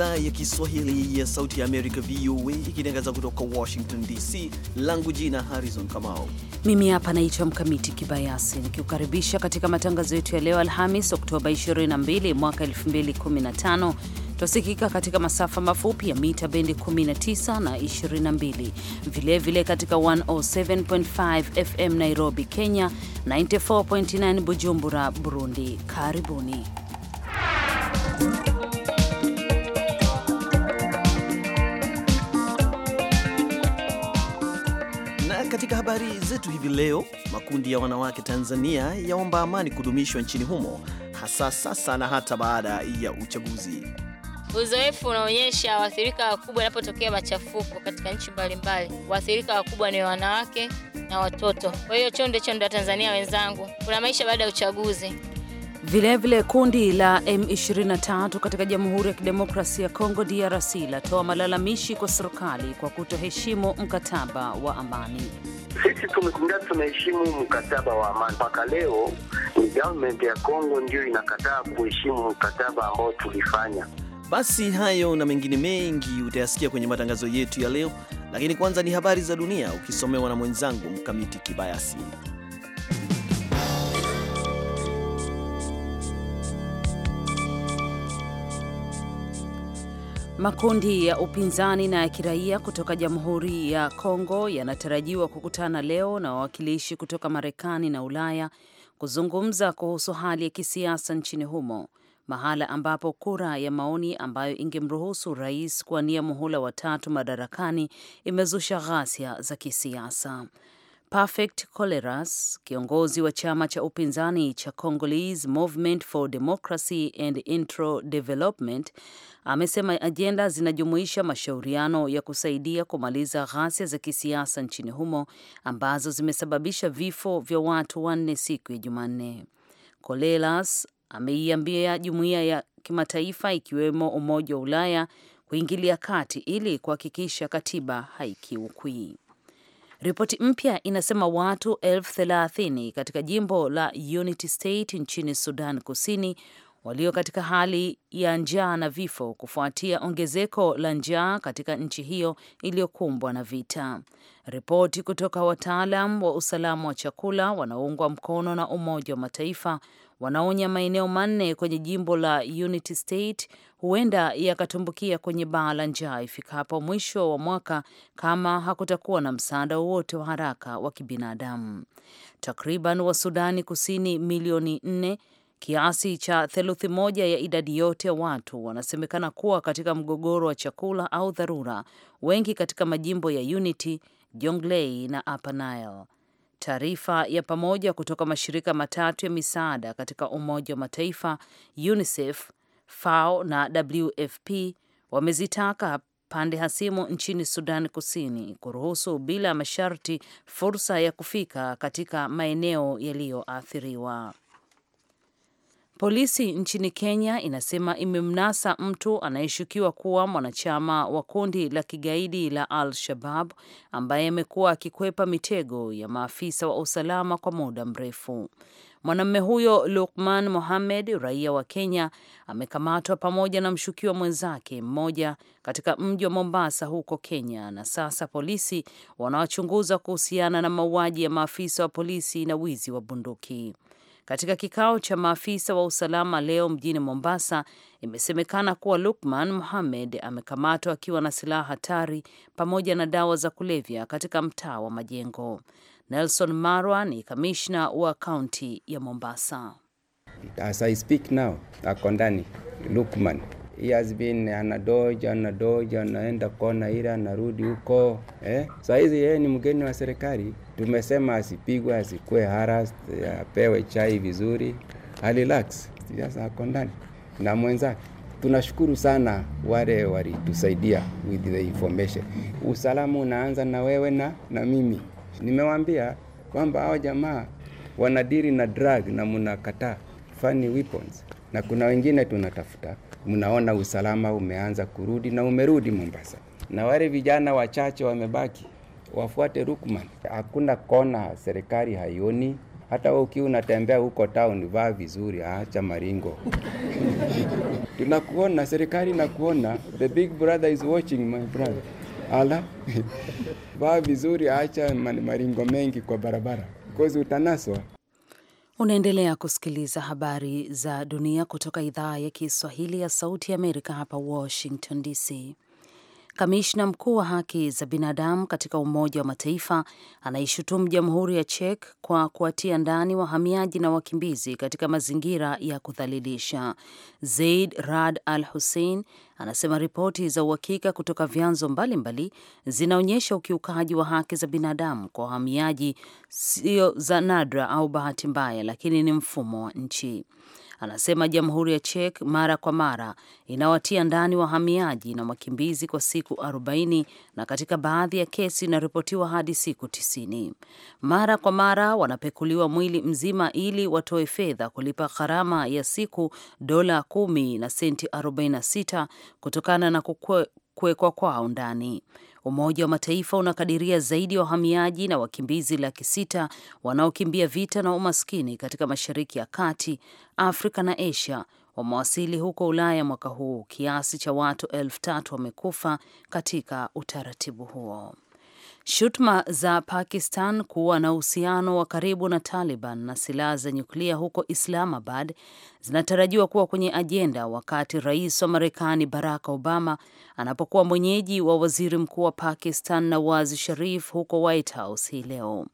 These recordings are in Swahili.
idhaa ya Kiswahili ya Sauti ya Amerika, VOA, ikitangaza kutoka Washington DC. Langu jina Harrison Kamao, mimi hapa naitwa Mkamiti Kibayasi, nikiukaribisha katika matangazo yetu ya leo Alhamis, Oktoba 22 mwaka 2015. Twasikika katika masafa mafupi ya mita bendi 19 na 22, vilevile vile katika 107.5 FM Nairobi, Kenya, 94.9 Bujumbura, Burundi. Karibuni. Katika habari zetu hivi leo, makundi ya wanawake Tanzania yaomba amani kudumishwa nchini humo, hasa sasa na hata baada ya uchaguzi. Uzoefu unaonyesha waathirika wakubwa inapotokea machafuko katika nchi mbalimbali, waathirika wakubwa ni wanawake na watoto. Kwa hiyo chonde chonde wa Tanzania wenzangu, kuna maisha baada ya uchaguzi. Vilevile vile kundi la M23 katika Jamhuri ya Kidemokrasia ya Kongo DRC latoa malalamishi kwa serikali kwa kutoheshimu mkataba wa amani. Sisi tumekuja tunaheshimu mkataba wa amani mpaka leo, ni government ya Kongo ndiyo inakataa kuheshimu mkataba ambao tulifanya. Basi hayo na mengine mengi utayasikia kwenye matangazo yetu ya leo, lakini kwanza ni habari za dunia ukisomewa na mwenzangu Mkamiti Kibayasi. Makundi ya upinzani na ya kiraia kutoka Jamhuri ya Kongo yanatarajiwa kukutana leo na wawakilishi kutoka Marekani na Ulaya kuzungumza kuhusu hali ya kisiasa nchini humo, mahala ambapo kura ya maoni ambayo ingemruhusu rais kuwania muhula wa tatu madarakani imezusha ghasia za kisiasa. Perfect Coleras, kiongozi wa chama cha upinzani cha Congolese Movement for Democracy and Intro Development, amesema ajenda zinajumuisha mashauriano ya kusaidia kumaliza ghasia za kisiasa nchini humo ambazo zimesababisha vifo vya watu wanne siku ya Jumanne. coleras ameiambia jumuiya ya kimataifa ikiwemo Umoja wa Ulaya kuingilia kati ili kuhakikisha katiba haikiukwi. Ripoti mpya inasema watu elfu thelathini katika jimbo la Unity State nchini Sudan Kusini walio katika hali ya njaa na vifo kufuatia ongezeko la njaa katika nchi hiyo iliyokumbwa na vita. Ripoti kutoka wataalam wa usalama wa chakula wanaoungwa mkono na Umoja wa Mataifa wanaonya maeneo manne kwenye jimbo la Unity State huenda yakatumbukia kwenye baa la njaa ifikapo mwisho wa mwaka kama hakutakuwa na msaada wowote wa haraka wa kibinadamu. Takriban Wasudani Kusini milioni nne Kiasi cha theluthi moja ya idadi yote ya watu wanasemekana kuwa katika mgogoro wa chakula au dharura, wengi katika majimbo ya Unity, Jonglei na Upper Nile. Taarifa ya pamoja kutoka mashirika matatu ya misaada katika Umoja wa Mataifa, UNICEF, FAO na WFP wamezitaka pande hasimu nchini Sudan Kusini kuruhusu bila masharti fursa ya kufika katika maeneo yaliyoathiriwa. Polisi nchini Kenya inasema imemnasa mtu anayeshukiwa kuwa mwanachama wa kundi la kigaidi la Al Shabab ambaye amekuwa akikwepa mitego ya maafisa wa usalama kwa muda mrefu. Mwanamume huyo Lukman Mohamed, raia wa Kenya, amekamatwa pamoja na mshukiwa mwenzake mmoja katika mji wa Mombasa huko Kenya, na sasa polisi wanawachunguza kuhusiana na mauaji ya maafisa wa polisi na wizi wa bunduki. Katika kikao cha maafisa wa usalama leo mjini Mombasa, imesemekana kuwa Lukman Mohamed amekamatwa akiwa na silaha hatari pamoja na dawa za kulevya katika mtaa wa Majengo. Nelson Marwa ni kamishna wa kaunti ya Mombasa. As I speak now, ako ndani Lukman. He has been anadoja anadoja, anaenda kona ile, anarudi huko eh. Saa hizi yeye ni mgeni wa serikali Tumesema asipigwe, asikue haras apewe chai vizuri, alilax sasa ako ndani na mwenzake. Tunashukuru sana wale walitusaidia with the information. Usalama unaanza na wewe na, na mimi. nimewambia kwamba hao jamaa wanadiri na drug na mnakataa funny weapons, na kuna wengine tunatafuta. Mnaona usalama umeanza kurudi na umerudi Mombasa, na wale vijana wachache wamebaki wafuate Rukman. Hakuna kona serikali haioni. Hata wewe ukiwa unatembea huko town, vaa vizuri, acha maringo tunakuona, serikali nakuona, the big brother is watching my brother. Ala, vaa vizuri, acha maringo mengi kwa barabara, kozi utanaswa. Unaendelea kusikiliza habari za dunia kutoka idhaa ya Kiswahili ya Sauti ya Amerika hapa Washington DC. Kamishna mkuu wa haki za binadamu katika Umoja wa Mataifa anaishutumu Jamhuri ya Czech kwa kuwatia ndani wahamiaji na wakimbizi katika mazingira ya kudhalilisha. Zaid Rad Al Hussein anasema ripoti za uhakika kutoka vyanzo mbalimbali zinaonyesha ukiukaji wa haki za binadamu kwa wahamiaji sio za nadra au bahati mbaya, lakini ni mfumo wa nchi. Anasema jamhuri ya Czech mara kwa mara inawatia ndani wahamiaji na wakimbizi kwa siku 40 na katika baadhi ya kesi inaripotiwa hadi siku 90. Mara kwa mara wanapekuliwa mwili mzima ili watoe fedha kulipa gharama ya siku dola 10 na senti 46 kutokana na kukwekwa kwao ndani. Umoja wa Mataifa unakadiria zaidi ya wahamiaji na wakimbizi laki sita wanaokimbia vita na umaskini katika Mashariki ya Kati, Afrika na Asia wamewasili huko Ulaya mwaka huu. Kiasi cha watu elfu tatu wamekufa katika utaratibu huo. Shutuma za Pakistan kuwa na uhusiano wa karibu na Taliban na silaha za nyuklia huko Islamabad zinatarajiwa kuwa kwenye ajenda wakati rais wa Marekani Barack Obama anapokuwa mwenyeji wa waziri mkuu wa Pakistan Nawaz Sharif huko White House hii leo.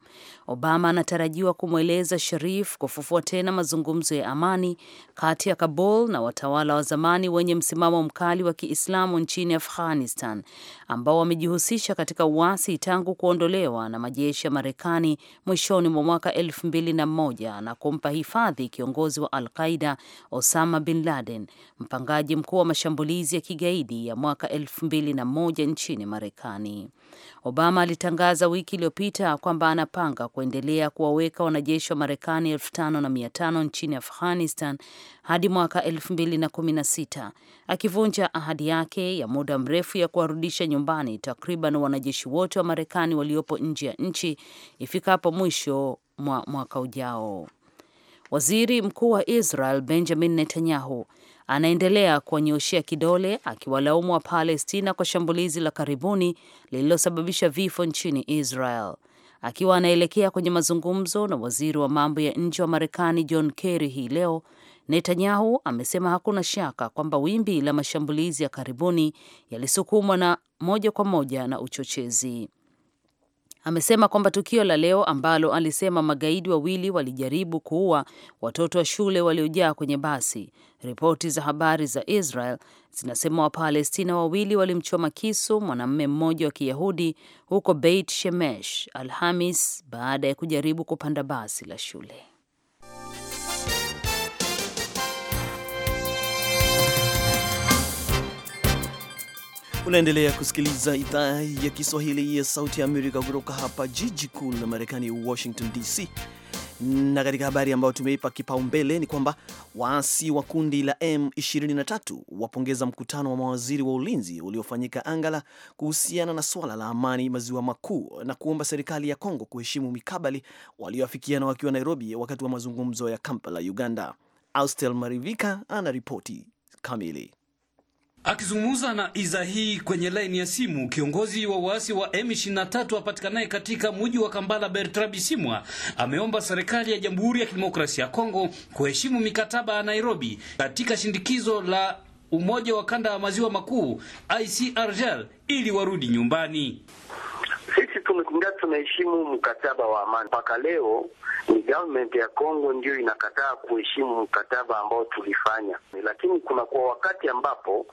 Obama anatarajiwa kumweleza Sharif kufufua tena mazungumzo ya amani kati ya Kabul na watawala wa zamani wenye msimamo mkali wa Kiislamu nchini Afghanistan ambao wamejihusisha katika uasi tangu tangu kuondolewa na majeshi ya Marekani mwishoni mwa mwaka elfu mbili na moja na kumpa hifadhi kiongozi wa Al Qaida Osama bin Laden, mpangaji mkuu wa mashambulizi ya kigaidi ya mwaka elfu mbili na moja nchini Marekani. Obama alitangaza wiki iliyopita kwamba anapanga kuendelea kuwaweka wanajeshi wa Marekani elfu tano na mia tano nchini Afghanistan hadi mwaka elfu mbili na kumi na sita akivunja ahadi yake ya muda mrefu ya kuwarudisha nyumbani takriban wanajeshi wote wa Marekani waliopo nje ya nchi ifikapo mwisho mwa mwaka ujao. Waziri Mkuu wa Israel Benjamin Netanyahu anaendelea kuwanyoshea kidole akiwalaumu wa Palestina kwa shambulizi la karibuni lililosababisha vifo nchini Israel. Akiwa anaelekea kwenye mazungumzo na waziri wa mambo ya nje wa Marekani John Kerry hii leo, Netanyahu amesema hakuna shaka kwamba wimbi la mashambulizi ya karibuni yalisukumwa na moja kwa moja na uchochezi amesema kwamba tukio la leo ambalo alisema magaidi wawili walijaribu kuua watoto wa shule waliojaa kwenye basi. Ripoti za habari za Israel zinasema Wapalestina wawili walimchoma kisu mwanamume mmoja wa Kiyahudi huko Beit Shemesh Alhamis baada ya kujaribu kupanda basi la shule. Unaendelea kusikiliza idhaa ya Kiswahili ya Sauti ya Amerika kutoka hapa jiji kuu la Marekani, Washington DC. Na katika habari ambayo tumeipa kipaumbele ni kwamba waasi wa kundi la M23 wapongeza mkutano wa mawaziri wa ulinzi uliofanyika Angola kuhusiana na suala la amani maziwa makuu na kuomba serikali ya Kongo kuheshimu mikabali walioafikiana wakiwa Nairobi wakati wa mazungumzo ya Kampala, Uganda. Austel Marivika ana ripoti kamili. Akizungumza na iza hii kwenye laini ya simu, kiongozi wa waasi wa M23 apatikanaye katika mji wa kambala Bertrand Bisimwa ameomba serikali ya Jamhuri ya Kidemokrasia ya Kongo kuheshimu mikataba ya Nairobi katika shindikizo la Umoja wa Kanda wa Maziwa Makuu ICRGL ili warudi nyumbani. Sisi tunaheshimu mkataba wa amani. Mpaka leo ni government ya Kongo ndio inakataa kuheshimu mkataba ambao tulifanya, lakini kuna kwa wakati ambapo uh,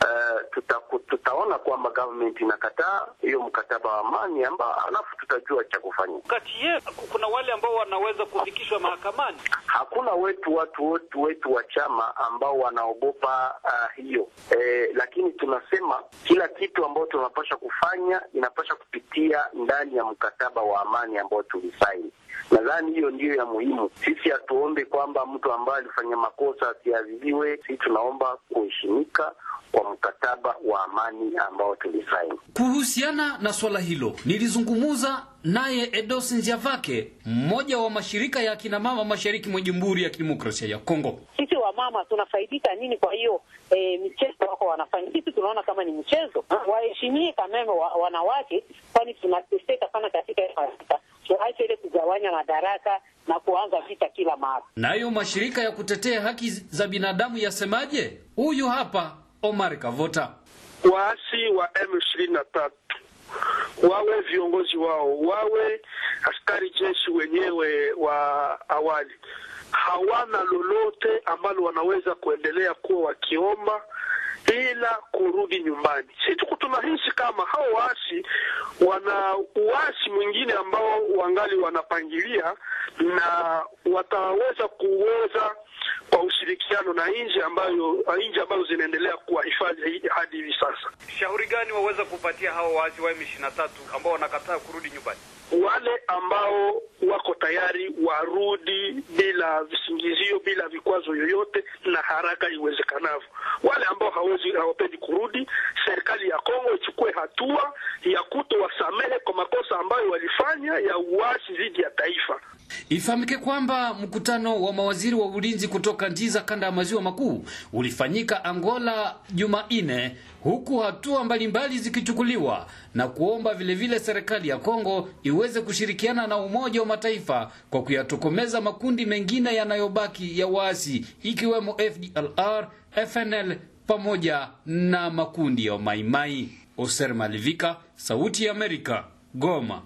eh, tuta, tutaona kwamba government inakataa hiyo mkataba wa amani amba, alafu tutajua cha kufanya. Kati yetu kuna wale ambao wanaweza kufikishwa mahakamani. Hakuna wetu watu wetu, wetu wa chama ambao wanaogopa uh, hiyo eh, lakini tunasema kila kitu ambao tunapasha kufanya inapasha kupitia ndani ya mkataba mkataba wa amani ambao tulisaini. Nadhani hiyo ndiyo ya muhimu. Sisi hatuombe kwamba mtu ambaye alifanya makosa asiadhibiwe. Sisi tunaomba kuheshimika kwa mkataba wa amani ambao tulisaini. Kuhusiana na swala hilo, nilizungumuza naye Edos Nziavake, mmoja wa mashirika ya akinamama mashariki mwa Jamhuri ya Kidemokrasia ya Kongo. Sisi wamama tunafaidika nini? Kwa hiyo e, michezo wako wanafanya, sisi tunaona kama ni mchezo, waheshimie kameme wa, wanawake, kwani tuna kugawanya madaraka na kuanza vita kila mara. Nayo mashirika ya kutetea haki za binadamu yasemaje? Huyu hapa Omar Kavota. Waasi wa M23 wawe viongozi wao, wawe askari jeshi wenyewe wa awali, hawana lolote ambalo wanaweza kuendelea kuwa wakiomba bila kurudi nyumbani. Si tuku tunahisi kama hao waasi wana uasi mwingine ambao wangali wanapangilia na wataweza kuweza kwa ushirikiano na nchi ambayo nchi ambazo zinaendelea kuwa hifadhi hadi hivi sasa. Shauri gani waweza kupatia hao waasi wa M23 ambao wanakataa kurudi nyumbani? Wale ambao wako tayari warudi bila visingizio, bila vikwazo yoyote na haraka iwezekanavyo. Wale ambao hawezi hawapendi kurudi, serikali ya Kongo ichukue hatua ya kutowasamehe kwa makosa ambayo walifanya ya uasi dhidi ya taifa. Ifahamike kwamba mkutano wa mawaziri wa ulinzi kutoka nchi za kanda ya maziwa makuu ulifanyika Angola Jumanne, huku hatua mbalimbali zikichukuliwa na kuomba vilevile serikali ya Kongo iweze kushirikiana na Umoja wa Mataifa kwa kuyatokomeza makundi mengine yanayobaki ya waasi ikiwemo FDLR, FNL pamoja na makundi ya Maimai. Oser Malivika, Sauti ya Amerika, Goma.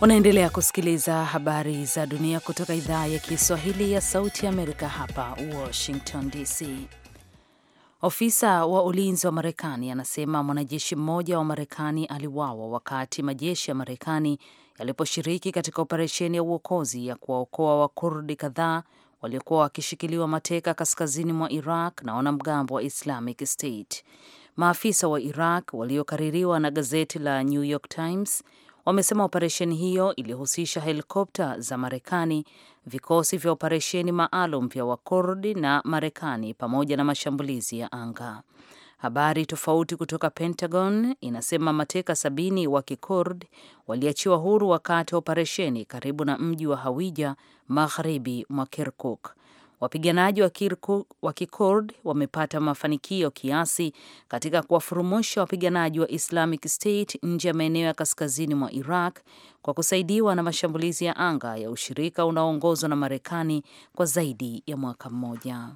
Unaendelea kusikiliza habari za dunia kutoka idhaa ya Kiswahili ya Sauti ya Amerika hapa Washington DC. Ofisa wa ulinzi wa Marekani anasema mwanajeshi mmoja wa Marekani aliwawa wakati majeshi ya Marekani yaliposhiriki katika operesheni ya uokozi ya kuwaokoa Wakurdi kadhaa waliokuwa wakishikiliwa mateka kaskazini mwa Iraq na wanamgambo wa Islamic State. Maafisa wa Iraq waliokaririwa na gazeti la New York Times wamesema operesheni hiyo ilihusisha helikopta za Marekani, vikosi vya operesheni maalum vya Wakurdi na Marekani pamoja na mashambulizi ya anga. Habari tofauti kutoka Pentagon inasema mateka sabini wa Kikurd waliachiwa huru wakati wa operesheni karibu na mji wa Hawija magharibi mwa Kirkuk. Wapiganaji wa Kikurd wamepata mafanikio kiasi katika kuwafurumusha wapiganaji wa Islamic State nje ya maeneo ya kaskazini mwa Iraq kwa kusaidiwa na mashambulizi ya anga ya ushirika unaoongozwa na Marekani kwa zaidi ya mwaka mmoja.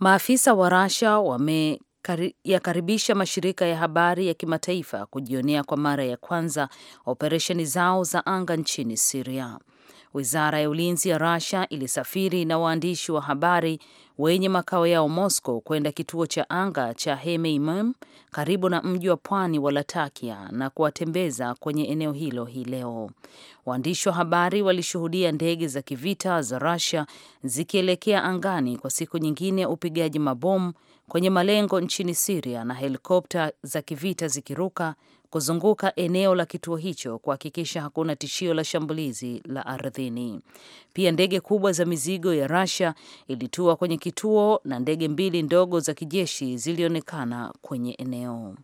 Maafisa wa rasia wame yakaribisha mashirika ya habari ya kimataifa kujionea kwa mara ya kwanza operesheni zao za anga nchini Siria. Wizara ya ulinzi ya Russia ilisafiri na waandishi wa habari wenye makao yao Moscow kwenda kituo cha anga cha Hemeimim karibu na mji wa pwani wa Latakia na kuwatembeza kwenye eneo hilo hii leo. Waandishi wa habari walishuhudia ndege za kivita za rasia zikielekea angani kwa siku nyingine ya upigaji mabomu kwenye malengo nchini Siria na helikopta za kivita zikiruka kuzunguka eneo la kituo hicho kuhakikisha hakuna tishio la shambulizi la ardhini. Pia ndege kubwa za mizigo ya Russia ilitua kwenye kituo na ndege mbili ndogo za kijeshi zilionekana kwenye eneo.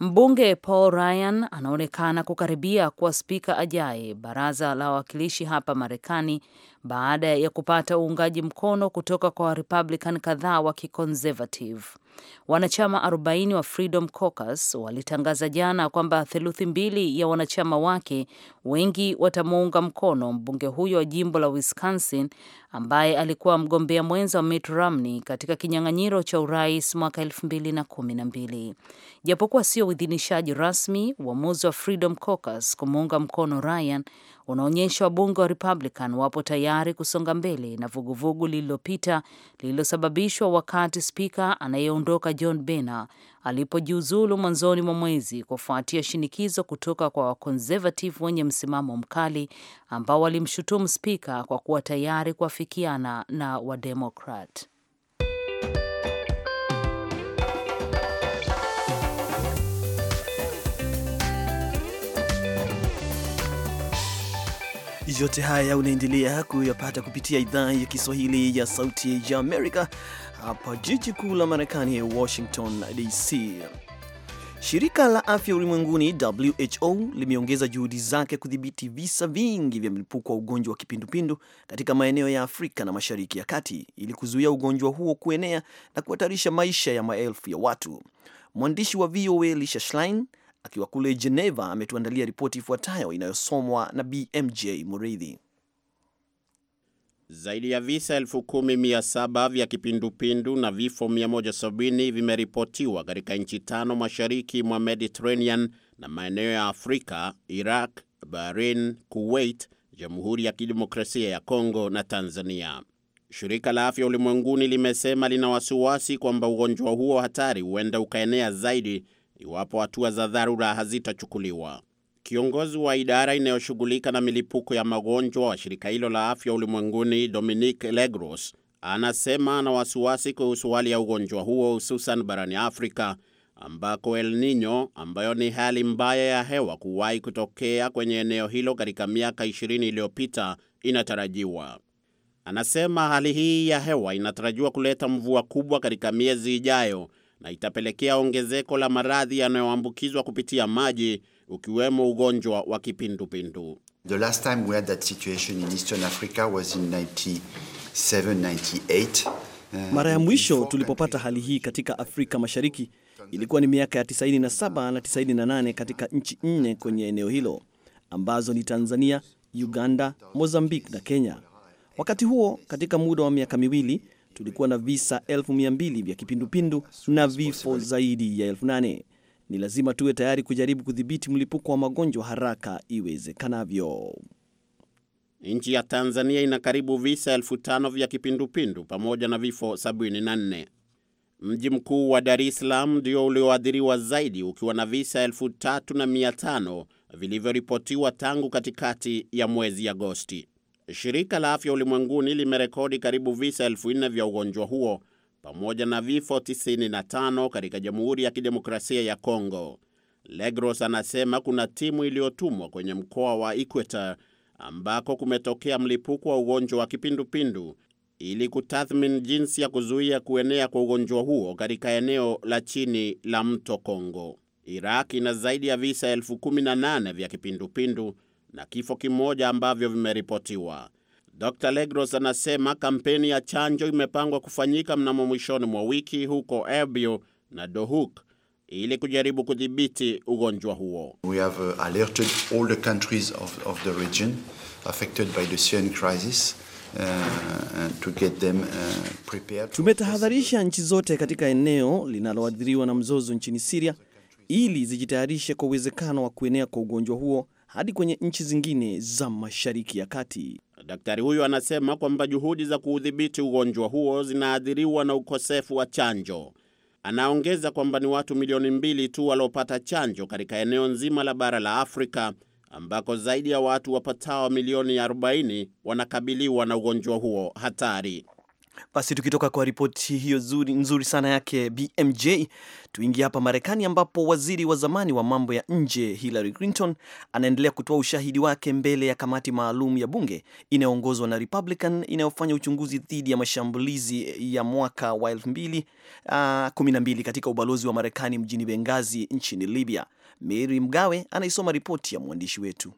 Mbunge Paul Ryan anaonekana kukaribia kuwa spika ajaye baraza la wawakilishi hapa Marekani baada ya kupata uungaji mkono kutoka kwa Warepublican kadhaa wa kiconservative. Wanachama 40 wa Freedom Caucus walitangaza jana kwamba theluthi mbili ya wanachama wake wengi watamuunga mkono mbunge huyo wa jimbo la Wisconsin ambaye alikuwa mgombea mwenza wa Mitt Romney katika kinyang'anyiro cha urais mwaka 2012. Japokuwa sio uidhinishaji rasmi, uamuzi wa Freedom Caucus kumuunga mkono Ryan unaonyesha wabunge wa Republican wapo tayari kusonga mbele na vuguvugu lililopita lililosababishwa wakati spika anayeondoka John Boehner alipojiuzulu mwanzoni mwa mwezi kufuatia shinikizo kutoka kwa wakonservative wenye msimamo mkali ambao walimshutumu spika kwa kuwa tayari kuafikiana na Wademokrat. Yote haya unaendelea kuyapata kupitia idhaa ya Kiswahili ya Sauti ya Amerika hapa jiji kuu la Marekani, Washington DC. Shirika la Afya Ulimwenguni WHO limeongeza juhudi zake kudhibiti visa vingi vya mlipuko wa ugonjwa wa kipindupindu katika maeneo ya Afrika na Mashariki ya Kati ili kuzuia ugonjwa huo kuenea na kuhatarisha maisha ya maelfu ya watu. Mwandishi wa VOA Lisha Schlein akiwa kule Geneva ametuandalia ripoti ifuatayo inayosomwa na BMJ Muridhi. Zaidi ya visa 17 vya kipindupindu na vifo 170 vimeripotiwa katika nchi tano mashariki mwa Mediterranean na maeneo ya Afrika: Iraq, Bahrain, Kuwait, Jamhuri ya Kidemokrasia ya Kongo na Tanzania. Shirika la Afya Ulimwenguni limesema lina wasiwasi kwamba ugonjwa huo hatari huenda ukaenea zaidi iwapo hatua za dharura hazitachukuliwa. Kiongozi wa idara inayoshughulika na milipuko ya magonjwa wa shirika hilo la afya ulimwenguni, Dominique Legros, anasema ana wasiwasi kuhusu hali ya ugonjwa huo hususan barani Afrika ambako El Nino ambayo ni hali mbaya ya hewa kuwahi kutokea kwenye eneo hilo katika miaka 20 iliyopita inatarajiwa. Anasema hali hii ya hewa inatarajiwa kuleta mvua kubwa katika miezi ijayo na itapelekea ongezeko la maradhi yanayoambukizwa kupitia maji ukiwemo ugonjwa wa kipindupindu. The last time we had that situation in Eastern Africa was in 97, 98. Uh, mara ya mwisho tulipopata hali hii katika Afrika Mashariki ilikuwa ni miaka ya 97 na 98 katika nchi nne kwenye eneo hilo ambazo ni Tanzania, Uganda, Mozambique na Kenya. Wakati huo katika muda wa miaka miwili tulikuwa na visa elfu mia mbili vya kipindupindu na vifo zaidi ya elfu nane. Ni lazima tuwe tayari kujaribu kudhibiti mlipuko wa magonjwa haraka iwezekanavyo. Nchi ya Tanzania ina karibu visa elfu tano vya kipindupindu pamoja na vifo 74. Mji mkuu wa Dar es Salaam ndio ulioathiriwa zaidi ukiwa na visa elfu tatu na mia tano vilivyoripotiwa tangu katikati ya mwezi Agosti. Shirika la Afya Ulimwenguni limerekodi karibu visa elfu nne vya ugonjwa huo pamoja na vifo 95 katika Jamhuri ya Kidemokrasia ya Kongo. Legros anasema kuna timu iliyotumwa kwenye mkoa wa Equator ambako kumetokea mlipuko wa ugonjwa wa kipindupindu ili kutathmini jinsi ya kuzuia kuenea kwa ugonjwa huo katika eneo la chini la mto Kongo. Iraq ina zaidi ya visa elfu 18 vya kipindupindu na kifo kimoja ambavyo vimeripotiwa. Dr Legros anasema kampeni ya chanjo imepangwa kufanyika mnamo mwishoni mwa wiki huko Erbil na Dohuk ili kujaribu kudhibiti ugonjwa huo. We have uh, alerted all the countries of, of the region affected by the Syrian crisis. Uh, uh, tumetahadharisha nchi zote katika eneo linaloathiriwa na mzozo nchini siria ili zijitayarishe kwa uwezekano wa kuenea kwa ugonjwa huo hadi kwenye nchi zingine za Mashariki ya Kati. Daktari huyo anasema kwamba juhudi za kuudhibiti ugonjwa huo zinaathiriwa na ukosefu wa chanjo. Anaongeza kwamba ni watu milioni mbili tu waliopata chanjo katika eneo nzima la bara la Afrika ambako zaidi ya watu wapatao milioni 40 wanakabiliwa na ugonjwa huo hatari. Basi tukitoka kwa ripoti hiyo zuri, nzuri sana yake BMJ, tuingie hapa Marekani ambapo waziri wa zamani wa mambo ya nje Hillary Clinton anaendelea kutoa ushahidi wake mbele ya kamati maalum ya bunge inayoongozwa na Republican inayofanya uchunguzi dhidi ya mashambulizi ya mwaka wa 2012 ah, katika ubalozi wa Marekani mjini bengazi nchini Libya. Mary Mgawe anaisoma ripoti ya mwandishi wetu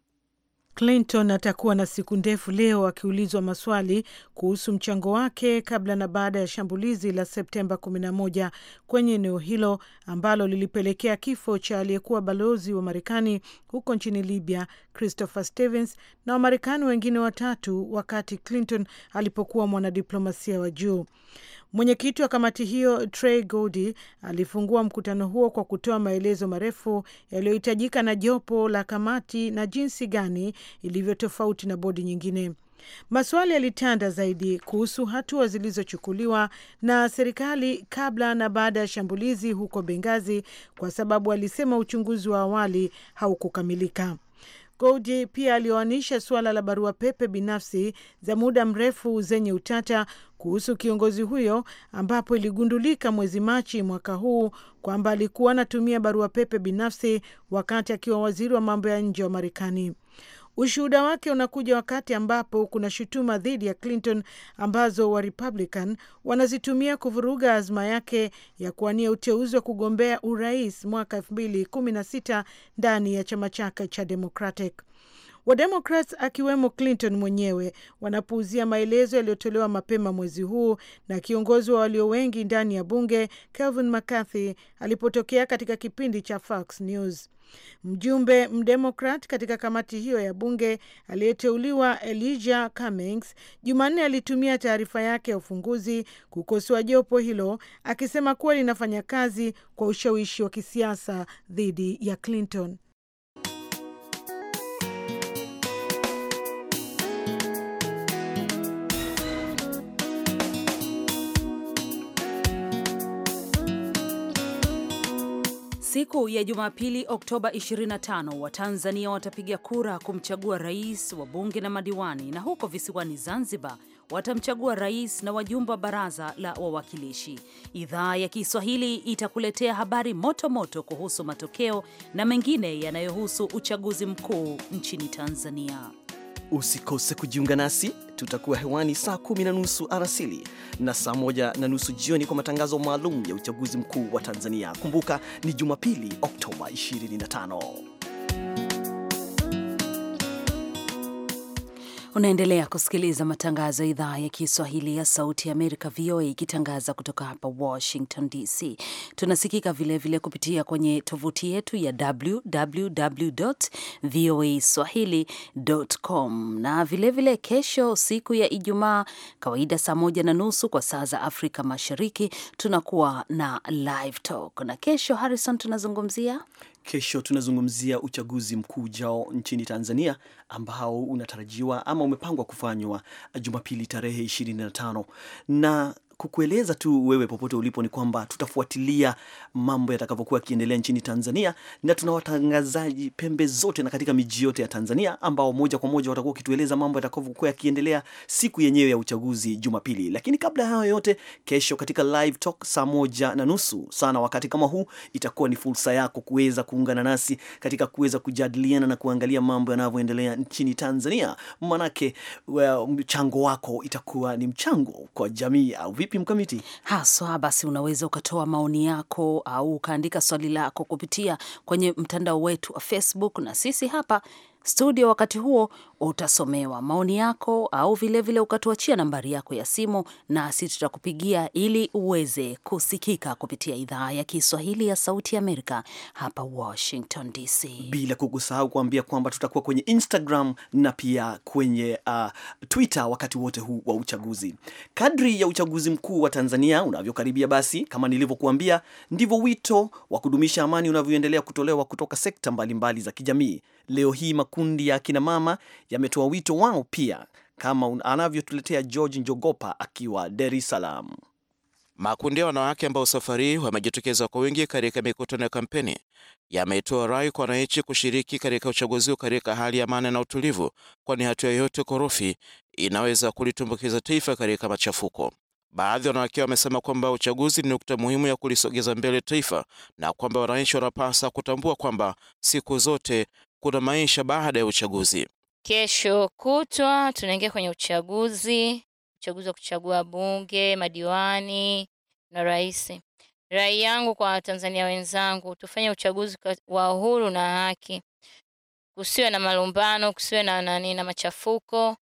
Clinton atakuwa na siku ndefu leo akiulizwa maswali kuhusu mchango wake kabla na baada ya shambulizi la Septemba 11 kwenye eneo hilo ambalo lilipelekea kifo cha aliyekuwa balozi wa Marekani huko nchini Libya, Christopher Stevens, na Wamarekani wengine watatu wakati Clinton alipokuwa mwanadiplomasia wa juu. Mwenyekiti wa kamati hiyo Trey godi alifungua mkutano huo kwa kutoa maelezo marefu yaliyohitajika na jopo la kamati na jinsi gani ilivyo tofauti na bodi nyingine. Maswali yalitanda zaidi kuhusu hatua zilizochukuliwa na serikali kabla na baada ya shambulizi huko Bengazi, kwa sababu alisema uchunguzi wa awali haukukamilika. Golji pia alioanisha suala la barua pepe binafsi za muda mrefu zenye utata kuhusu kiongozi huyo, ambapo iligundulika mwezi Machi mwaka huu kwamba alikuwa anatumia barua pepe binafsi wakati akiwa waziri wa mambo ya nje wa Marekani. Ushuhuda wake unakuja wakati ambapo kuna shutuma dhidi ya Clinton ambazo wa Republican wanazitumia kuvuruga azma yake ya kuwania uteuzi wa kugombea urais mwaka 216 ndani ya chama chake cha Democratic. Wademokrat akiwemo Clinton mwenyewe wanapuuzia maelezo yaliyotolewa mapema mwezi huu na kiongozi wa walio wengi ndani ya bunge Kevin McCarthy alipotokea katika kipindi cha Fox News. Mjumbe mdemokrat katika kamati hiyo ya bunge aliyeteuliwa Elijah Cummings Jumanne alitumia taarifa yake ya ufunguzi kukosoa jopo hilo akisema kuwa linafanya kazi kwa ushawishi wa kisiasa dhidi ya Clinton. Siku ya Jumapili, Oktoba 25, Watanzania watapiga kura kumchagua rais, wabunge na madiwani, na huko visiwani Zanzibar watamchagua rais na wajumbe wa baraza la wawakilishi. Idhaa ya Kiswahili itakuletea habari moto moto kuhusu matokeo na mengine yanayohusu uchaguzi mkuu nchini Tanzania. Usikose kujiunga nasi, tutakuwa hewani saa kumi na nusu arasili na saa moja na nusu jioni kwa matangazo maalum ya uchaguzi mkuu wa Tanzania. Kumbuka ni Jumapili, Oktoba 25. Unaendelea kusikiliza matangazo ya idhaa ya Kiswahili ya Sauti ya Amerika, VOA, ikitangaza kutoka hapa Washington DC. Tunasikika vilevile vile kupitia kwenye tovuti yetu ya www voa swahili.com, na vilevile vile kesho, siku ya Ijumaa, kawaida saa moja na nusu kwa saa za Afrika Mashariki, tunakuwa na live talk. Na kesho, Harrison, tunazungumzia Kesho tunazungumzia uchaguzi mkuu ujao nchini Tanzania ambao unatarajiwa ama umepangwa kufanywa Jumapili tarehe 25 na kukueleza tu wewe popote ulipo ni kwamba tutafuatilia mambo yatakavyokuwa yakiendelea nchini Tanzania, na tuna watangazaji pembe zote na katika miji yote ya Tanzania ambao moja kwa moja watakuwa wakitueleza mambo yatakavyokuwa yakiendelea siku yenyewe ya uchaguzi Jumapili. Lakini kabla ya hayo yote, kesho katika live talk saa moja na nusu sana wakati kama huu, itakuwa ni fursa yako kuweza kuungana nasi katika kuweza kujadiliana na kuangalia mambo yanavyoendelea nchini Tanzania, manake well, mchango wako itakuwa ni mchango kwa jamii au vipi mkamiti haswa? Basi unaweza ukatoa maoni yako au ukaandika swali lako kupitia kwenye mtandao wetu wa Facebook na sisi hapa studio wakati huo utasomewa maoni yako, au vilevile ukatuachia nambari yako ya simu, nasi tutakupigia ili uweze kusikika kupitia idhaa ya Kiswahili ya Sauti ya Amerika hapa Washington DC, bila kukusahau kuambia kwamba tutakuwa kwenye Instagram na pia kwenye uh, Twitter wakati wote huu wa uchaguzi. Kadri ya uchaguzi mkuu wa Tanzania unavyokaribia, basi kama nilivyokuambia, ndivyo wito wa kudumisha amani unavyoendelea kutolewa kutoka sekta mbalimbali mbali za kijamii. Leo hii makundi ya mama yametoa wito wao pia, kama anavyotuletea George Njogopa akiwa Dar es Salaam. Makundi ya wanawake ambao safari wamejitokeza kwa wingi katika mikutano ya kampeni yametoa rai kwa wananchi kushiriki katika uchaguzi huu katika hali ya amani na utulivu, kwani hatua yoyote korofi inaweza kulitumbukiza taifa katika machafuko. Baadhi ya wanawake wamesema kwamba uchaguzi ni nukta muhimu ya kulisogeza mbele taifa na kwamba wananchi wanapasa kutambua kwamba siku zote kuna maisha baada ya uchaguzi. Kesho kutwa tunaingia kwenye uchaguzi, uchaguzi wa kuchagua bunge, madiwani na rais. Rai yangu kwa Watanzania wenzangu, tufanye uchaguzi wa uhuru na haki, kusiwe na malumbano, kusiwe na nani na machafuko,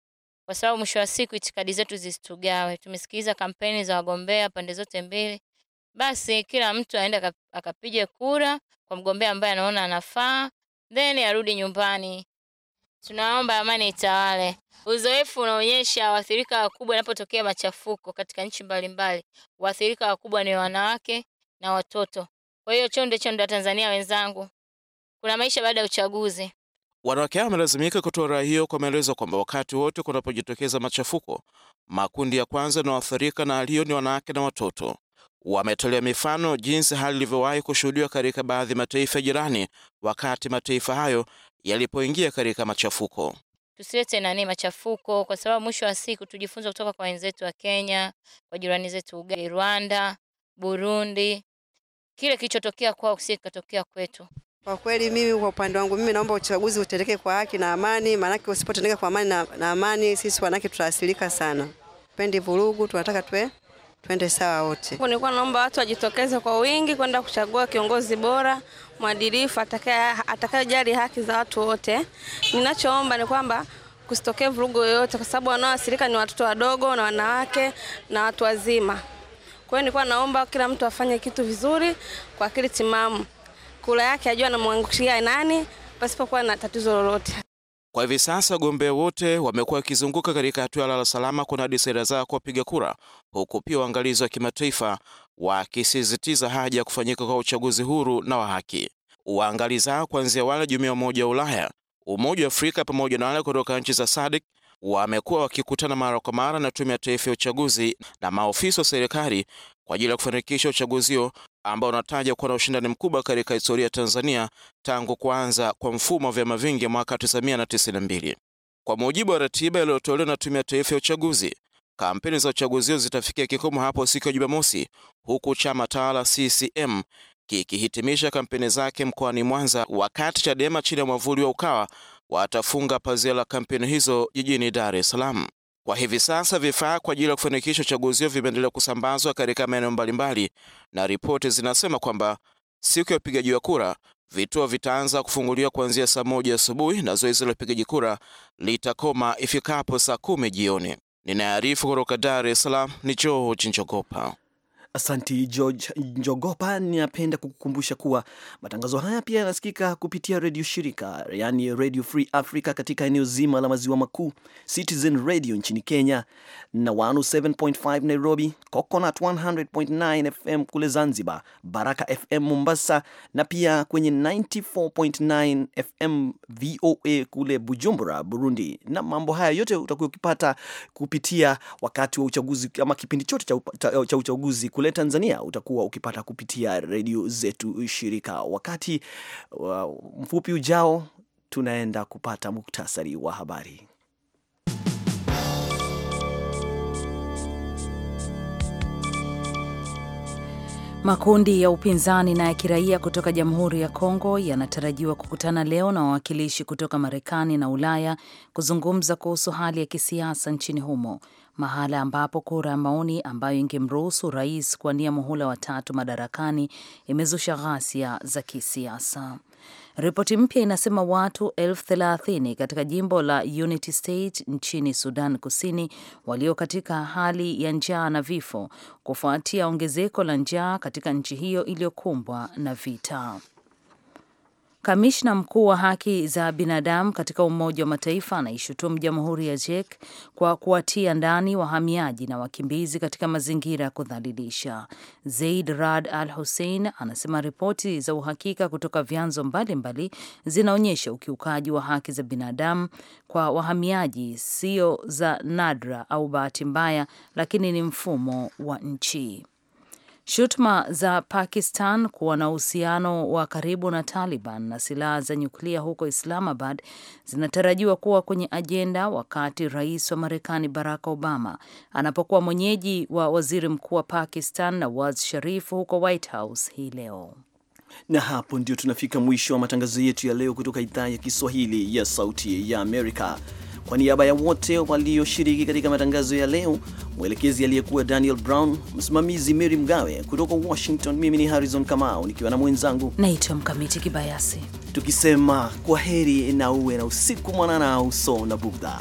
kwa sababu mwisho wa siku itikadi zetu zisitugawe. Tumesikiliza kampeni za wagombea pande zote mbili, basi kila mtu aende akapige kura kwa mgombea ambaye anaona anafaa then arudi nyumbani. Tunaomba amani itawale. Uzoefu unaonyesha waathirika wakubwa inapotokea machafuko katika nchi mbalimbali, waathirika wakubwa ni wanawake na watoto. Kwa hiyo chonde chonde, Watanzania wenzangu, kuna maisha baada ya uchaguzi. Wanawake hao wamelazimika kutoa rai hiyo kwa maelezo kwamba wakati wote kunapojitokeza machafuko, makundi ya kwanza yanayoathirika na aliyo ni wanawake na watoto. Wametolea mifano jinsi hali ilivyowahi kushuhudiwa katika baadhi ya mataifa jirani wakati mataifa hayo yalipoingia katika machafuko. Tusilete nani machafuko, kwa sababu mwisho wa siku tujifunze kutoka kwa wenzetu wa Kenya, kwa jirani zetu Uganda, Rwanda, Burundi. Kile kilichotokea kwao si kikatokea kwetu. Kwa kweli mimi kwa upande wangu mimi naomba uchaguzi utendeke kwa haki na amani, maanake usipotendeka kwa amani na, na amani, sisi wanake tutaathirika sana. Pendi vurugu, tunataka tuwe twende sawa wote. Nilikuwa naomba watu wajitokeze kwa wingi kwenda kuchagua kiongozi bora mwadilifu, atakayejali haki za watu wote. Ninachoomba ni kwamba kusitokee vurugu yoyote, kwa sababu wanaoathirika ni watoto wadogo na wanawake na watu wazima. Kwa hiyo nilikuwa naomba kila mtu afanye kitu vizuri kwa akili timamu, kula yake ajua anamwangushia nani pasipokuwa na tatizo lolote. Kwa hivi sasa wagombea wote wamekuwa wakizunguka katika hatua ya lala salama kunadi sera zao kwa wapiga kura, huku pia waangalizi wa kimataifa wakisisitiza haja ya kufanyika kwa uchaguzi huru na wa haki. Waangalizi hao kuanzia wale jumuiya Umoja wa Ulaya, Umoja wa Afrika pamoja na wale kutoka nchi za SADC wamekuwa wakikutana mara kwa mara na Tume ya Taifa ya Uchaguzi na maofisa wa serikali kwa ajili ya kufanikisha uchaguzi huo ambao unataja kuwa na ushindani mkubwa katika historia ya Tanzania tangu kuanza kwa mfumo wa vyama vingi mwaka 1992. Kwa mujibu wa ratiba iliyotolewa na Tume ya Taifa ya Uchaguzi, kampeni za uchaguzi huo zitafikia kikomo hapo siku ya Jumamosi, huku chama tawala CCM kikihitimisha kampeni zake mkoani Mwanza, wakati Chadema chini ya mwavuli wa Ukawa watafunga pazia la kampeni hizo jijini Dar es Salaam. Kwa hivi sasa vifaa kwa ajili ya kufanikisha uchaguzi huo vimeendelea kusambazwa katika maeneo mbalimbali, na ripoti zinasema kwamba siku ya upigaji wa kura vituo vitaanza kufunguliwa kuanzia saa moja asubuhi na zoezi la upigaji kura litakoma ifikapo saa kumi jioni. Ninaarifu kutoka Dar es Salaam ni George Njogopa. Asanti George Njogopa, ninapenda kukukumbusha kuwa matangazo haya pia yanasikika kupitia redio shirika, yaani Radio Free Africa katika eneo zima la maziwa makuu, Citizen Radio nchini Kenya na 107.5 Nairobi, Coconut 100.9 FM kule Zanzibar, Baraka FM Mombasa, na pia kwenye 94.9 FM VOA kule Bujumbura, Burundi. Na mambo haya yote utakuwa ukipata kupitia wakati wa uchaguzi ama kipindi chote cha, cha uchaguzi kule Tanzania utakuwa ukipata kupitia redio zetu shirika. Wakati mfupi ujao, tunaenda kupata muktasari wa habari. Makundi ya upinzani na ya kiraia kutoka Jamhuri ya Kongo yanatarajiwa kukutana leo na wawakilishi kutoka Marekani na Ulaya kuzungumza kuhusu hali ya kisiasa nchini humo mahala ambapo kura ya maoni ambayo ingemruhusu rais kuwania muhula wa tatu madarakani imezusha ghasia za kisiasa. Ripoti mpya inasema watu elfu thelathini katika jimbo la Unity State nchini Sudan Kusini walio katika hali ya njaa na vifo kufuatia ongezeko la njaa katika nchi hiyo iliyokumbwa na vita. Kamishna mkuu wa haki za binadamu katika Umoja wa Mataifa anaishutumu Jamhuri ya Czech kwa kuwatia ndani wahamiaji na wakimbizi katika mazingira ya kudhalilisha. Zaid Rad Al Hussein anasema ripoti za uhakika kutoka vyanzo mbalimbali zinaonyesha ukiukaji wa haki za binadamu kwa wahamiaji sio za nadra au bahati mbaya, lakini ni mfumo wa nchi. Shutuma za Pakistan kuwa na uhusiano wa karibu na Taliban na silaha za nyuklia huko Islamabad zinatarajiwa kuwa kwenye ajenda wakati rais wa Marekani Barack Obama anapokuwa mwenyeji wa waziri mkuu wa Pakistan Nawaz Sharif huko White House hii leo. Na hapo ndio tunafika mwisho wa matangazo yetu ya leo kutoka idhaa ya Kiswahili ya Sauti ya Amerika. Kwa niaba ya wote walioshiriki katika matangazo ya leo, mwelekezi aliyekuwa Daniel Brown, msimamizi Mary Mgawe kutoka Washington, mimi ni Harrison Kamau nikiwa na mwenzangu naitwa Mkamiti Kibayasi, tukisema kwa heri na uwe na usiku mwanana uso na budha.